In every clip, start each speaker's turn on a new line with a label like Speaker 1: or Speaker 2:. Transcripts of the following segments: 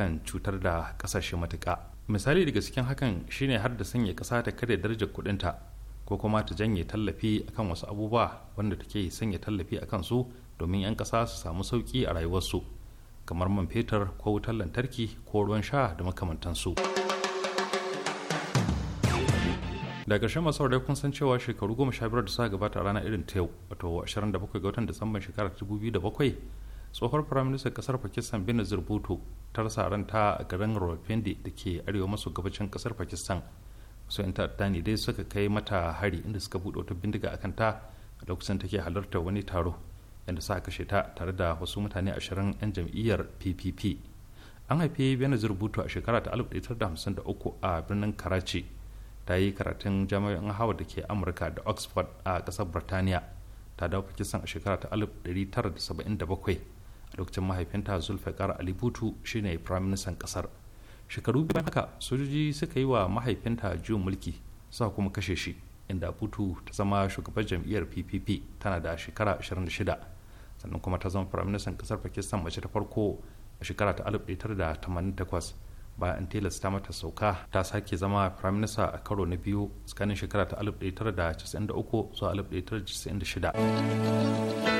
Speaker 1: kan cutar da kasashe matuka misali daga cikin hakan shine har da sanya kasa ta karya darajar kudinta ko kuma ta janye tallafi akan wasu abubuwa wanda take sanya tallafi akan su domin 'yan kasa su samu sauki a rayuwarsu kamar man fetur ko wutar lantarki ko ruwan sha da makamantansu da ƙarshen masu dai kun san cewa shekaru goma sha biyar da suka gabata a ranar irin ta yau wato 27 ga watan disamban shekarar 2007 tsohuwar firaministan kasar pakistan benazir bhutto ta rasa ranta a garin rawalpindi da ke arewa maso gabacin kasar pakistan wasu yan ta'adda ne dai suka kai mata hari inda suka buɗe wata bindiga a kanta a lokacin take halartar wani taro inda sa kashe ta tare da wasu mutane ashirin yan jam'iyyar ppp an haifi benazir bhutto a shekara ta 1953 a birnin karachi ta yi karatun jami'an hawa da ke amurka da oxford a kasar birtaniya ta dawo pakistan a shekara ta 1977 lokacin mahaifinta zulfikar ali butu shine firaministan kasar shekaru biyu haka sojoji suka yi wa mahaifinta juyin mulki suka kuma kashe shi inda butu ta zama shugaban jam'iyyar ppp tana da shekara 26 sannan kuma ta zama firaministan kasar pakistan mace ta farko a shekara ta 1988 bayan tilasta mata sauka ta sake zama firaminista a karo na biyu tsakanin shekara ta 1993 zuwa 1996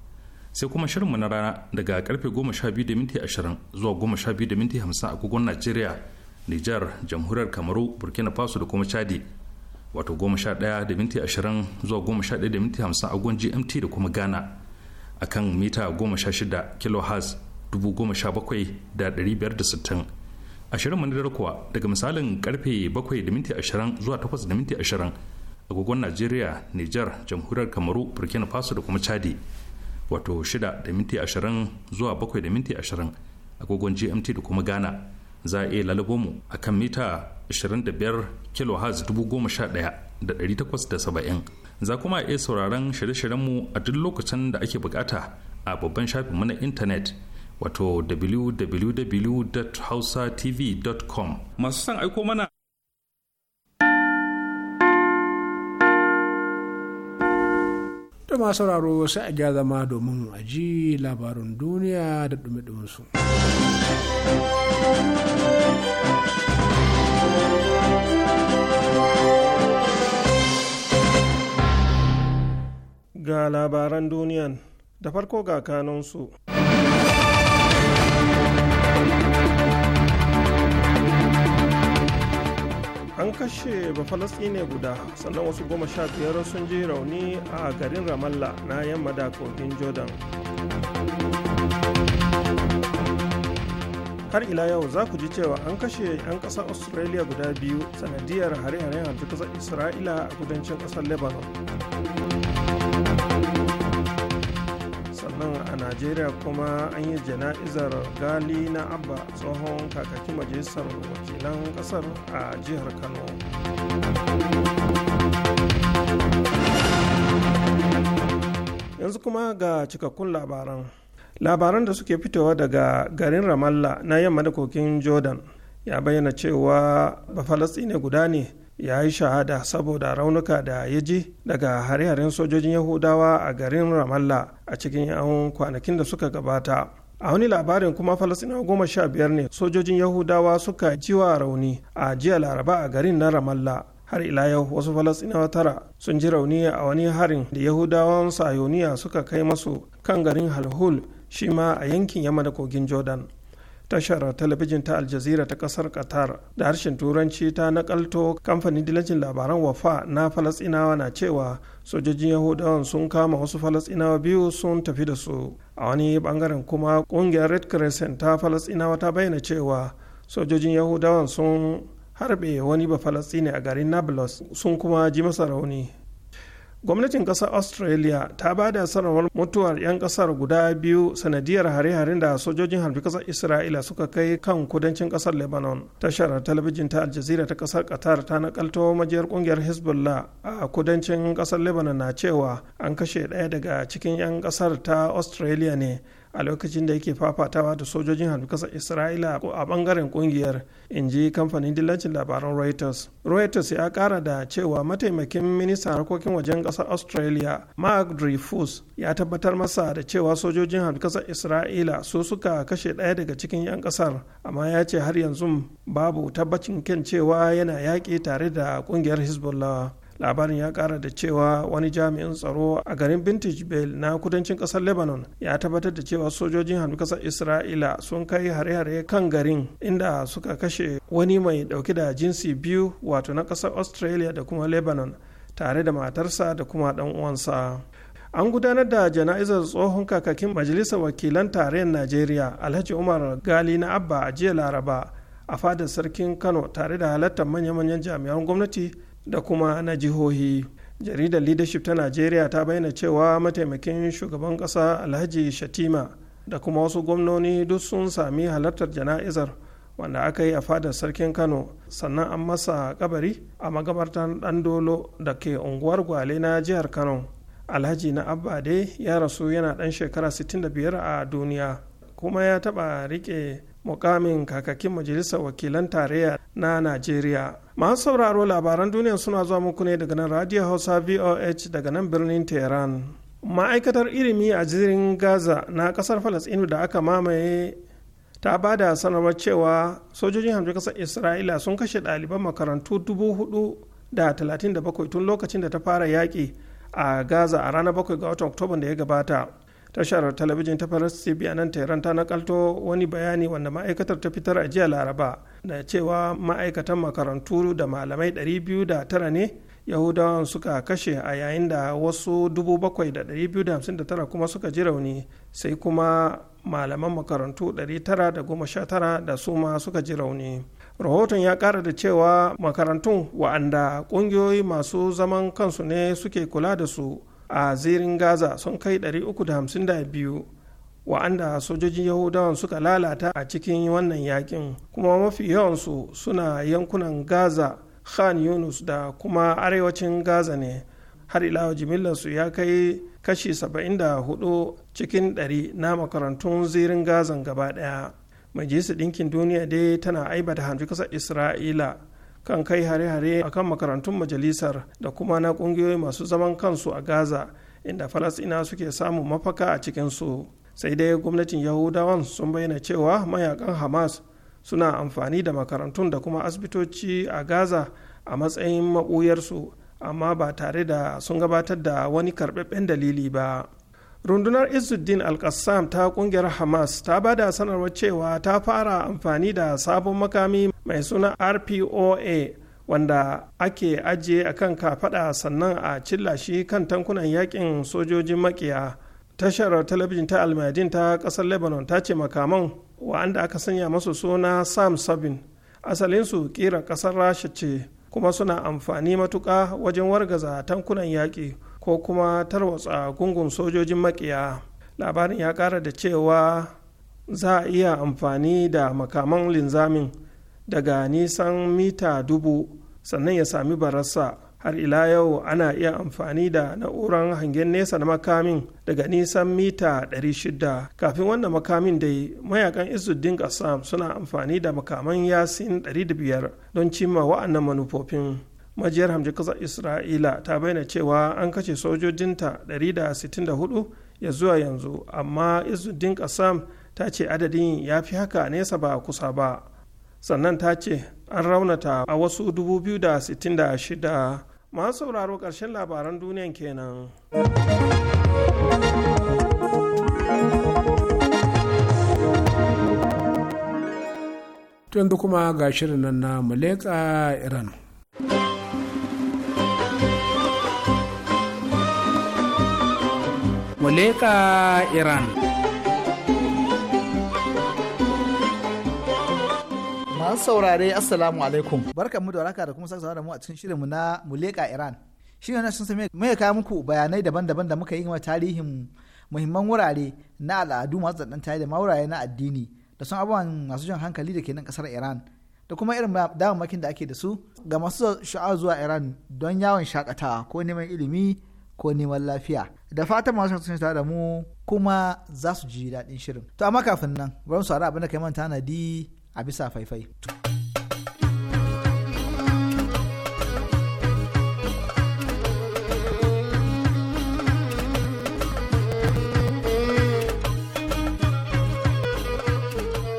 Speaker 1: sai kuma shirinmu na rana daga karfe 12:20 zuwa 12:50 a kogon Najeriya, Nijar, Jamhuriyar Kamaru, Burkina Faso da kuma Chadi. Wato 11:20 zuwa 11:50 a gon GMT da kuma Ghana a kan mita 16 kHz 17,560. A shirinmu na dare kuwa daga misalin karfe 7:20 zuwa 8:20 a kogon Najeriya, Nijar, Jamhuriyar Kamaru, Burkina Faso da kuma Chadi. wato 6 da minti 20 zuwa 7 da minti 20 agogon gmt da kuma ghana za a iya lalabo mu a kan mita 25 kHz 11870 za kuma a iya sauraron shirye mu a duk lokacin da ake bukata a babban shafinmu na intanet wato www.hausatv.com masu son aiko mana
Speaker 2: da masu sauraro sai a gyara zama domin a ji labarin duniya da dumi su
Speaker 3: Ga labaran duniyan da farko ga kanunsu. an kashe ne guda sannan wasu goma sha biyar sun ji rauni a garin ramallah na yamma da kogin jordan har ila yau za ku ji cewa an kashe 'yan ƙasar australia guda biyu sanadiyar hare-haren hantu ƙasar isra'ila a kudancin ƙasar lebanon najeriya kuma an yi jana'izar gali na abba tsohon kakakin majalisar wakilan kasar a jihar kano yanzu kuma ga cikakkun labaran labaran da suke fitowa daga garin ramallah na yamma da kokin jordan ya bayyana cewa ne guda ne ya yi shahada saboda raunuka da ya ji daga hare-haren sojojin yahudawa a garin ramallah a cikin 'yan kwanakin da suka gabata a wani labarin kuma falasina goma sha biyar ne sojojin yahudawa suka jiwa rauni a jiya laraba a garin na ramallah har ila yau wasu falasinawa tara sun ji rauni a wani harin da yahudawan sayoniya suka kai masu kan garin halhul shi ma a yankin yamma da kogin jordan tashar talabijin ta aljazira ta kasar qatar da harshen turanci ta nakalto kamfanin dilajin labaran wafa na falasinawa na cewa sojojin yahudawan sun kama wasu falasinawa biyu sun tafi da su a wani bangaren kuma kungiyar red crescent ta falasinawa ta bayyana cewa sojojin yahudawan sun harbe wani ba falasini a garin nablus sun kuma ji masa rauni gwamnatin kasar australia ta ba da sanarwar mutuwar 'yan kasar guda biyu sanadiyar hare-haren da sojojin harbi kasar isra'ila suka kai kan kudancin kasar lebanon tashar talabijin ta aljazira ta kasar qatar ta nakalto majiyar kungiyar hezbollah a kudancin kasar lebanon na cewa an kashe ɗaya daga cikin 'yan kasar ta australia ne a lokacin da yake fafatawa da sojojin hannu isra'ila a bangaren kungiyar in ji kamfanin dillancin labaran reuters reuters ya kara da cewa mataimakin ministan harkokin wajen kasar australia mark dreyfus ya tabbatar masa da cewa sojojin hannu isra'ila su suka kashe ɗaya daga cikin 'yan kasar amma ya ce har yanzu babu tabbacin kyan cewa yana yaƙi tare da kungiyar hezbollah labarin ya kara da cewa wani jami'in tsaro a garin vintage bell na kudancin kasar lebanon ya tabbatar da cewa sojojin hannun kasar isra'ila sun kai hare-hare kan garin inda suka kashe wani mai dauke da jinsi biyu wato na kasar australia da kuma lebanon tare da matarsa da kuma dan uwansa an gudanar da jana'izar tsohon kakakin majalisar wakilan tarayyar najeriya alhaji umar gali na abba a jiya laraba a fadar sarkin kano tare da halartar manya-manyan jami'an gwamnati da kuma na jihohi jaridar leadership ta najeriya ta bayyana cewa mataimakin shugaban kasa alhaji shatima da kuma wasu gwamnoni duk sun sami halartar jana'izar wanda aka yi a fadar sarkin kano sannan an masa kabari a magabartan dan dolo da ke unguwar gwale na jihar kano alhaji na abba dai ya rasu yana dan shekara 65 a duniya kuma ya taba rike mukamin kakakin majalisar wakilan tarayya na najeriya masu sauraro labaran duniya suna zuwa muku ne daga nan radio hausa voh daga nan birnin tehran ma'aikatar ilimi a jirin gaza na kasar falasɗinu da aka mamaye ta ba da sanarwar cewa sojojin hamshin kasar isra'ila sun kashe ɗaliban makarantu dubu talatin tun lokacin da ta fara yaƙi a gaza a ranar 7 ga watan oktoba da ya gabata tashar talabijin ta faransa cb a nan tehran ta nakalto wani bayani wanda ma'aikatar ta fitar a jiya laraba da cewa ma'aikatan makarantu da malamai 209 ne yahudawan suka kashe a yayin da wasu 7,259 kuma suka ji rauni sai kuma malaman makarantu 919 da su ma suka ji rauni rahoton ya kara da cewa makarantun wa'anda ƙungiyoyi masu zaman kansu ne suke kula da su a zirin gaza sun kai 352 wa'anda sojojin yahudawan suka lalata a cikin wannan yakin kuma mafi yawansu suna yankunan gaza khan yunus da kuma arewacin gaza ne har ila su ya kai kashi 74 cikin 100 na makarantun zirin gazan gaba daya majalisar ɗinkin duniya dai tana aibata hanfi kasar isra'ila kan kai hare-hare a kan makarantun majalisar da kuma na ƙungiyoyi masu zaman kansu a gaza inda falasina suke samun mafaka a cikinsu sai dai gwamnatin yahudawan sun bayyana cewa mayakan hamas suna amfani da makarantun da kuma asibitoci a gaza a matsayin maɓuyarsu amma ba tare da sun gabatar da wani karɓaɓɓen dalili ba rundunar izuddin al ta kungiyar hamas ta ba da sanarwar cewa ta fara amfani da sabon makami mai suna rpoa wanda ake ajiye a kan kafaɗa sannan a cilla shi kan tankunan yakin sojojin makiya tashar talabijin ta almadin ta ƙasar lebanon ta ce makaman wa'anda aka sanya masu suna sam sabin asalinsu ƙirar kasar rasha ce kuma suna amfani matuka wajen wargaza tankunan yaƙi ko kuma tarwatsa gungun sojojin makiya labarin ya kara da cewa za a iya amfani da makaman linzamin daga nisan mita dubu sannan ya sami barasa, har ila yau ana iya amfani da na'urar hangen nesa na makamin daga nisan mita 600 kafin wannan makamin dai mayakan izuddin kassam suna amfani da makaman yasin 500 don cimma wa'annan manufofin majiyar hamji kasar isra'ila ta bayyana cewa an kashe sojojinta 164 ya zuwa yanzu amma izuddin kasam ta ce adadin ya fi haka nesa ba kusa ba sannan ta ce an raunata a wasu 266 masu sauraro karshen labaran duniyan kenan.
Speaker 2: yanzu kuma ga shirin nan na Maleka Iran. Moleka Iran.
Speaker 4: Masu saurare Assalamu alaikum. Barkanmu da waraka da kuma sake da mu a cikin shirinmu na Moleka Iran. ne na sun sami mai kaya muku bayanai daban-daban da muka yi game tarihin muhimman wurare na al'adu masu zaɗan tare da wurare na addini da sun abubuwan masu jan hankali da ke nan ƙasar Iran da kuma irin damammakin da ake da su ga masu sha'awar zuwa Iran don yawon shakatawa ko neman ilimi ko neman lafiya. da fatan masu sun tare da mu kuma za su ji daɗin shirin to amma kafin nan bari su abin da kai manta na di a bisa faifai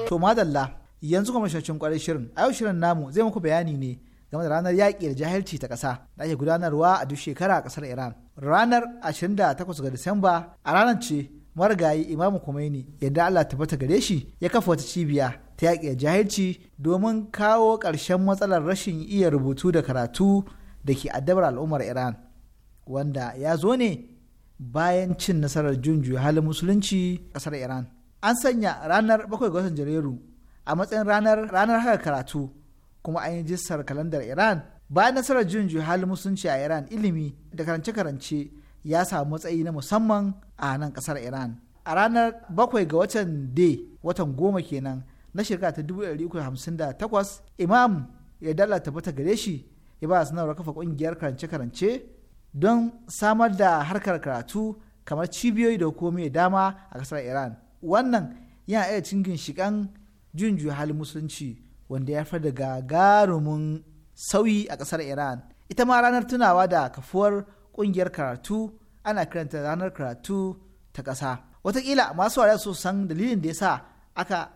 Speaker 4: to madalla yanzu kuma shirin kwarai shirin a yau shirin namu zai muku bayani ne game da ranar yaƙi da jahilci ta ƙasa da ake gudanarwa a duk shekara a ƙasar Iran. Ranar 28 ga Disamba a ranar ce marigayi Imamu kumaini. yadda Allah tabbata gare shi ya kafa wata cibiya ta yaƙi da jahilci domin kawo ƙarshen matsalar rashin iya rubutu da karatu da ke addabar al'ummar Iran wanda ya zo ne bayan cin nasarar junjuyu halin musulunci ƙasar Iran. An sanya ranar 7 ga watan Janairu a matsayin ranar ranar haka karatu kuma an yi jistar kalandar iran bayan nasarar jin halin musulunci a iran ilimi da karance-karance ya samu matsayi na musamman a nan kasar iran a ranar 7 ga watan de watan goma kenan na shekara ta 1358 imam ya dalata bata gare shi ya ba sanarwar kafa kungiyar karance-karance don samar da harkar karatu kamar cibiyoyi da hukumomi ya dama a kasar iran wannan yana iya cikin shigan jin halin musulunci wanda ya haifar da gagarumin sauyi a ƙasar iran ita ma ranar tunawa da kafuwar ƙungiyar karatu ana kiranta ranar karatu ta ƙasa watakila masu wariya su san dalilin da ya sa aka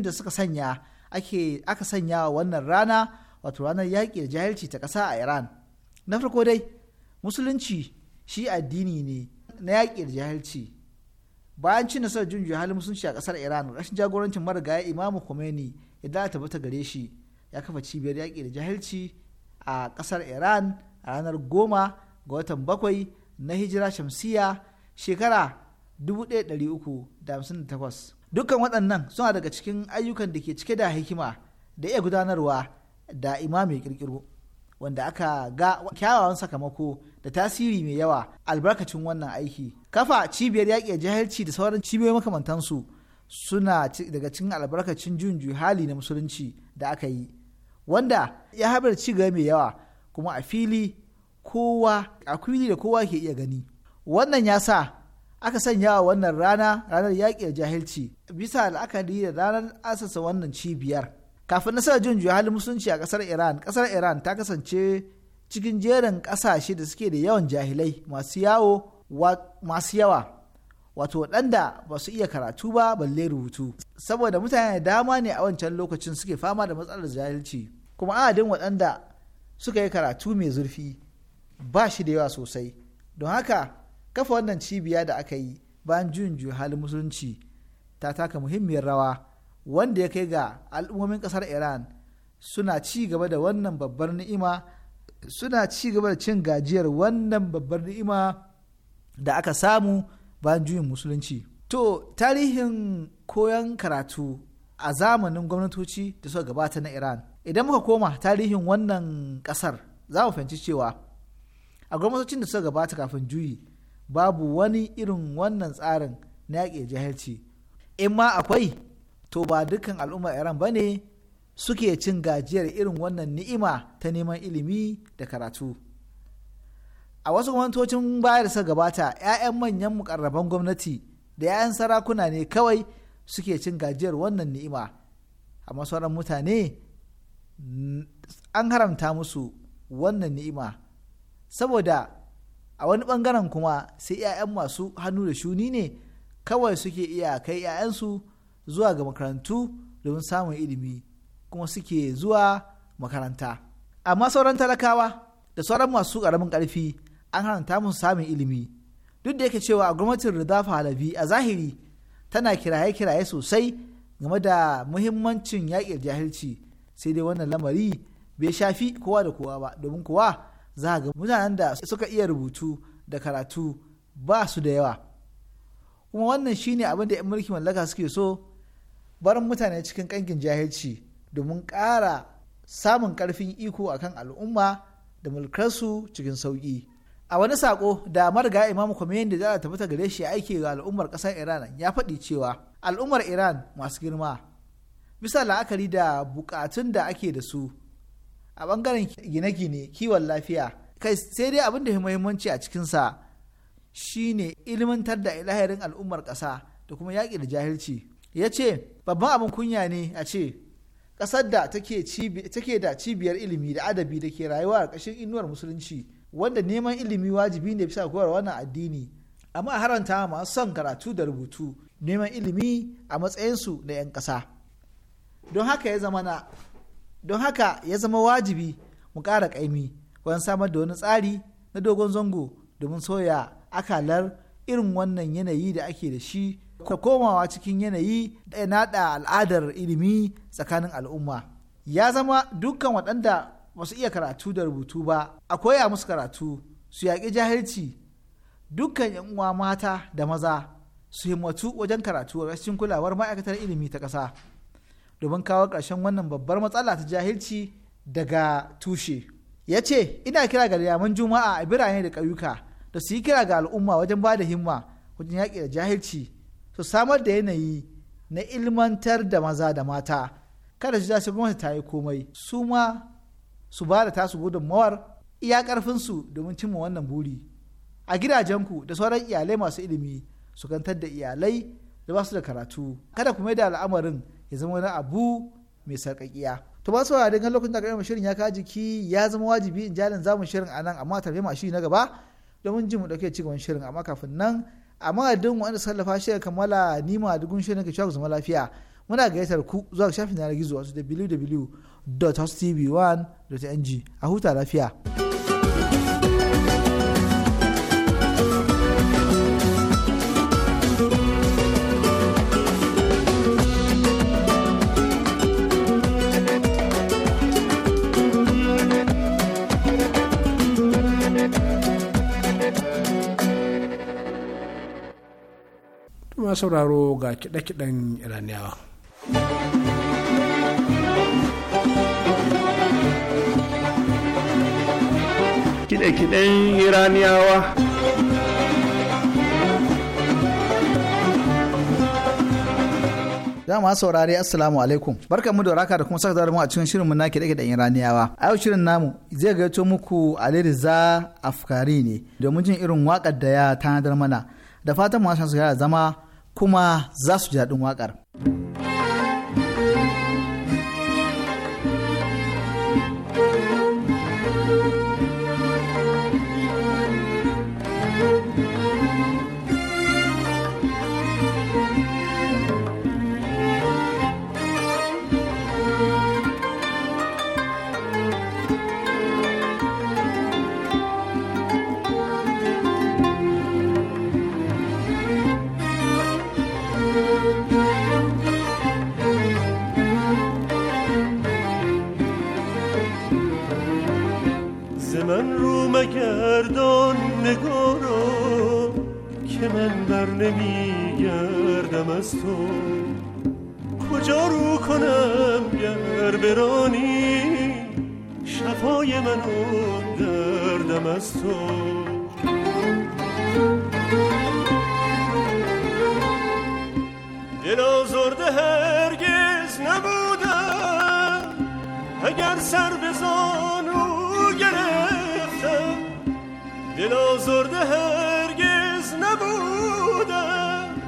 Speaker 4: da suka sanya ake aka sanya wannan rana wato ranar yaƙi da jahilci ta ƙasa a iran na farko dai musulunci shi addini ne na yaƙi da jahilci bayan cin nasarar jin halin musulunci a ƙasar iran rashin jagorancin marigayi imamu khomeini idan tabbata gare shi ya kafa cibiyar yaƙi da jahilci a ƙasar iran a ranar goma ga watan bakwai na hijira shamsiya shekara 1358 dukkan waɗannan suna daga cikin ayyukan da ke cike da hikima da iya gudanarwa da imami ƙirƙiro wanda aka ga kyawawan sakamako da tasiri mai yawa albarkacin wannan aiki kafa cibiyar yaƙi da jahilci da sauran cibiyoyi makamantansu suna daga cikin albarkacin jin hali na musulunci da aka yi wanda ya haɓar ci gaba mai yawa kuma a fili kowa a fili da kowa ke iya gani wannan ya sa aka sanya wa wannan rana ranar yaƙi jahilci bisa la'akari da ranar asasa wannan cibiyar kafin nasarar jin halin musulunci a ƙasar iran ƙasar iran ta kasance cikin jerin ƙasashe da suke da yawan jahilai yawo masu yawa wato waɗanda ba su iya karatu ba balle rubutu saboda mutane dama ne a wancan lokacin suke fama da matsalar jahilci kuma adadin waɗanda suka yi karatu mai zurfi ba shi da yawa sosai don haka kafa wannan cibiya da aka yi bayan juyin halin musulunci ta taka muhimmiyar rawa wanda ya kai ga al'ummomin ƙasar iran suna ci gaba da wannan babbar ni'ima suna ci gaba da cin gajiyar wannan babbar ni'ima da aka samu bayan juyin musulunci to tarihin koyon karatu a zamanin gwamnatoci da suka gabata na iran idan muka koma tarihin wannan kasar za mu fahimci cewa a gwamnatocin da suka gabata kafin juyi babu wani irin wannan tsarin na yaƙi jahilci in ma akwai to ba dukkan al'ummar iran ba ne suke cin gajiyar irin wannan ni'ima ta neman ilimi da karatu. a wasu gwamnatocin baya da suka gabata 'ya'yan manyan mukarraban gwamnati da 'ya'yan sarakuna ne kawai suke cin gajiyar wannan ni'ima amma sauran mutane an haramta musu wannan ni'ima saboda a wani bangaren kuma sai 'ya'yan masu hannu da shuni ne kawai suke iya kai 'ya'yansu zuwa ga makarantu domin samun ilimi kuma suke zuwa makaranta amma sauran talakawa da sauran masu ƙaramin ƙarfi an haranta mun samun ilimi duk da yake cewa a gwamnatin rida halabi a zahiri tana kiraye-kiraye sosai game da muhimmancin yaƙin jahilci sai dai wannan lamari bai shafi kowa da kowa ba domin kowa za ga mutanen da suka iya rubutu da karatu ba su da yawa kuma wannan shine abin da 'yan mulki mallaka suke so barin mutane cikin ƙangin jahilci domin ƙara samun ƙarfin iko akan al'umma da mulkarsu cikin sauƙi. a wani sako da marga imam Khomeini da za ta fita gare shi aiki ga al'ummar kasar iran ya faɗi cewa al'ummar iran masu girma bisa la'akari da bukatun da ake da su a bangaren gine-gine kiwon lafiya kai sai dai abin da muhimmanci a cikinsa shine ilmantar da ilahirin al'ummar kasa da kuma yaƙi da jahilci ya ce babban abin kunya ne a ce kasar da take da cibiyar ilimi da adabi da ke rayuwa a ƙashin inuwar musulunci wanda neman ilimi wajibi ne bisa koyar wannan addini amma a haranta masu son karatu da rubutu neman ilimi a matsayinsu na 'yan ƙasa don haka ya zama wajibi mu kara ƙaimi wajen samar da wani tsari na dogon zango domin soya akalar irin wannan yanayi da ake da shi ka komawa cikin yanayi da naɗa al'adar ilimi tsakanin al'umma ya zama dukkan waɗanda ba su iya karatu da rubutu ba a koya musu karatu su yaƙi jahilci dukkan yan uwa mata da maza su himmatu wajen karatu a cikin kulawar ma'aikatar ilimi ta ƙasa domin kawo ƙarshen wannan babbar matsala ta jahilci daga tushe ya ce ina kira ga liyaman juma'a a birane da ƙauyuka da su yi kira ga al'umma wajen ba da himma wajen yaƙi da jahilci su samar da yanayi na ilmantar da maza da mata kada su za su gwamnati ta yi komai su ma su ba da tasu gudunmawar iya karfinsu domin cimma wannan buri a gidajenku da sauran iyalai masu ilimi su kantar da iyalai da basu da karatu kada ku da al'amarin ya zama wani abu mai sarƙaƙiya to ba su kan lokacin da ƙarfin shirin ya ka jiki ya zama wajibi in jalin zamu shirin a nan amma tarbe mashi na gaba domin jin mu ɗauke cigaban shirin amma kafin nan a madadin wanda sallafa lafa shirin kammala nima dugun shirin ka cewa zama lafiya muna gayyatar ku zuwa shafin yanar gizo wasu www www.hostv1.ng a huta lafiya.
Speaker 2: sauraro ga kiɗe-kiɗen iraniyawa.
Speaker 3: kiɗe-kiɗen
Speaker 4: iraniyawa dama saurari assalamu alaikum barkanmu da raka da kuma saka mu a cikin shirinmu na kiɗe-kiɗen iraniyawa a yau shirin namu zai gaito muku ali riza afkari ne domin jin irin waƙar da ya tanadar mana da fatan masu su zama kuma za su ji daɗin waƙar
Speaker 5: افسرده هرگز نبودم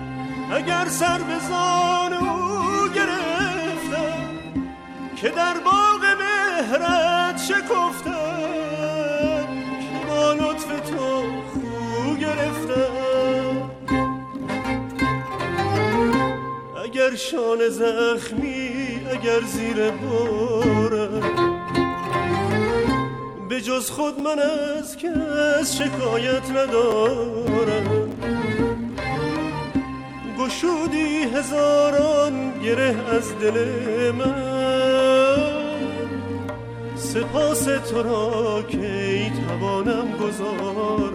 Speaker 5: اگر سر به زانو گرفتم که در باغ مهرت شکفتم که با لطف تو خو گرفتم اگر شان زخمی اگر زیر بارم به جز خود من از کس شکایت ندارم گشودی هزاران گره از دل من سپاس تو را توانم گذارم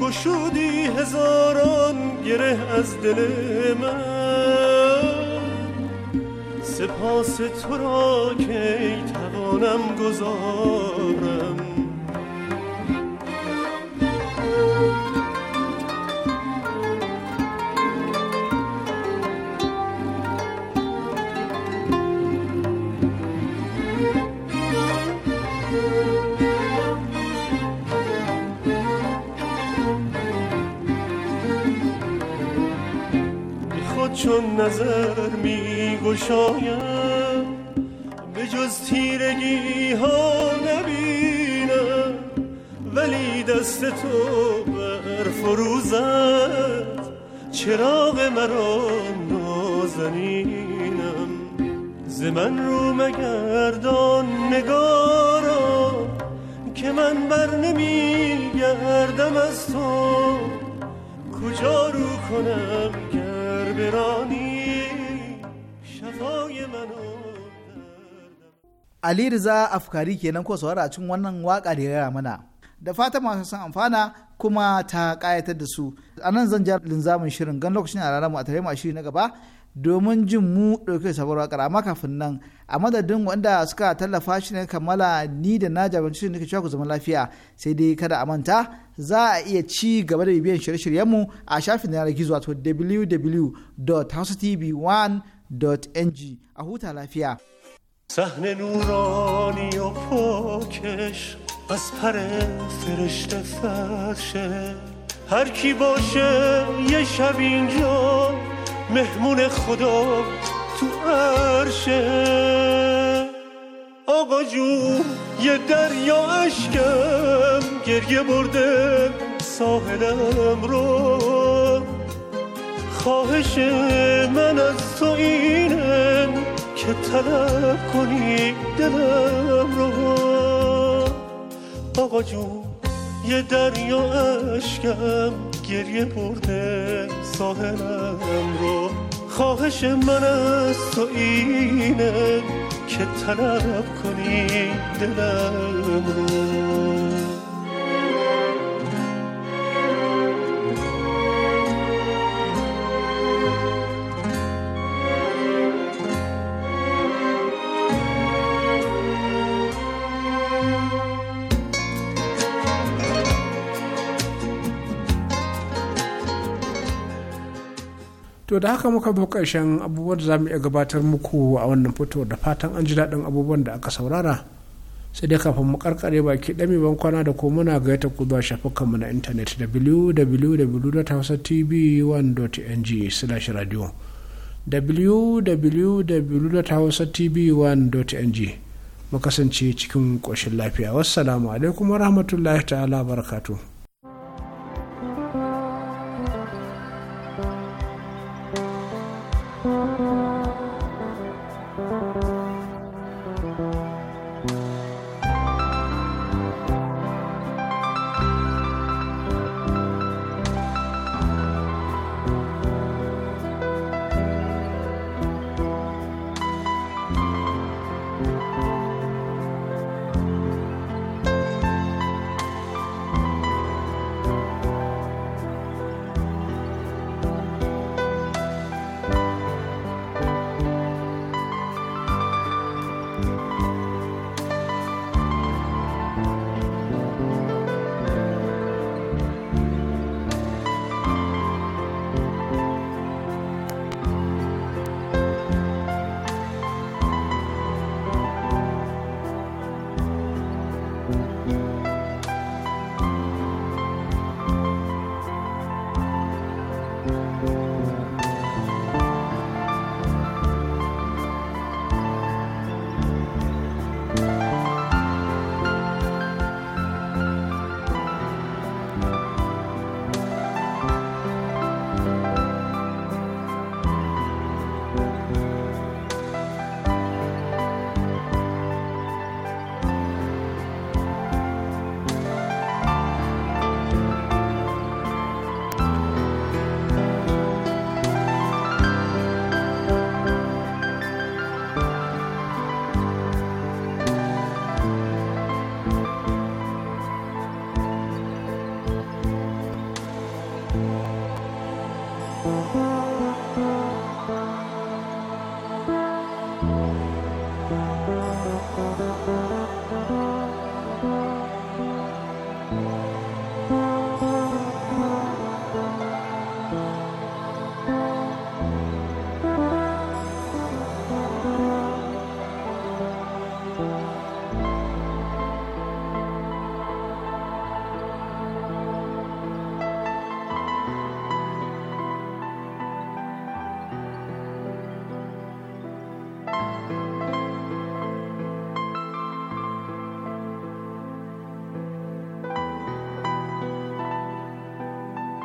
Speaker 5: گشودی هزاران گره از دل من سپاس تو را که جونم گذارم چون نظر می گشایم عکس تو بر فروزد چراغ مرا نازنینم ز من رو مگردان نگارا که من بر نمیگردم از تو کجا رو کنم گر برانی شفای منو
Speaker 4: علی رضا افکاری kenan ko saurara a cikin wannan waka da ya mana da fata masu san amfana kuma ta kayatar da su a nan zan ja linzamin shirin gan lokacin a ranar mu a tare mu shiri na gaba domin jin mu ɗauke sabuwar wakar amma kafin nan a madadin wanda suka tallafa shi ne kammala ni da na shirin nake cewa ku zama lafiya sai dai kada a manta za a iya ci gaba da bibiyan shirye mu a shafin yanar gizo wato www.housetv1.ng a huta lafiya.
Speaker 5: صحن نورانی و پاکش از پر فرشته فرشه هر کی باشه یه شب اینجا مهمون خدا تو عرشه آقا جون یه دریا اشکم گریه برده ساحلم رو خواهش من از تو اینه که طلب کنی دلم رو آقا جون یه دریا عشقم گریه برده ساحلم رو خواهش من از تو اینه که طلب کنی دلم رو
Speaker 2: to da haka muka bi ƙarshen abubuwan da za mu iya gabatar muku a wannan fito da fatan an ji daɗin abubuwan da aka saurara sai dai kafin mu karkare baki ɗami ban kwana da ko muna yata ku zuwa shafukanmu na intanet www.hausatv1.ng slash radio www.hausatv1.ng mu kasance cikin ƙoshin lafiya wassalamu alaikum warahmatullahi ta'ala barakatuh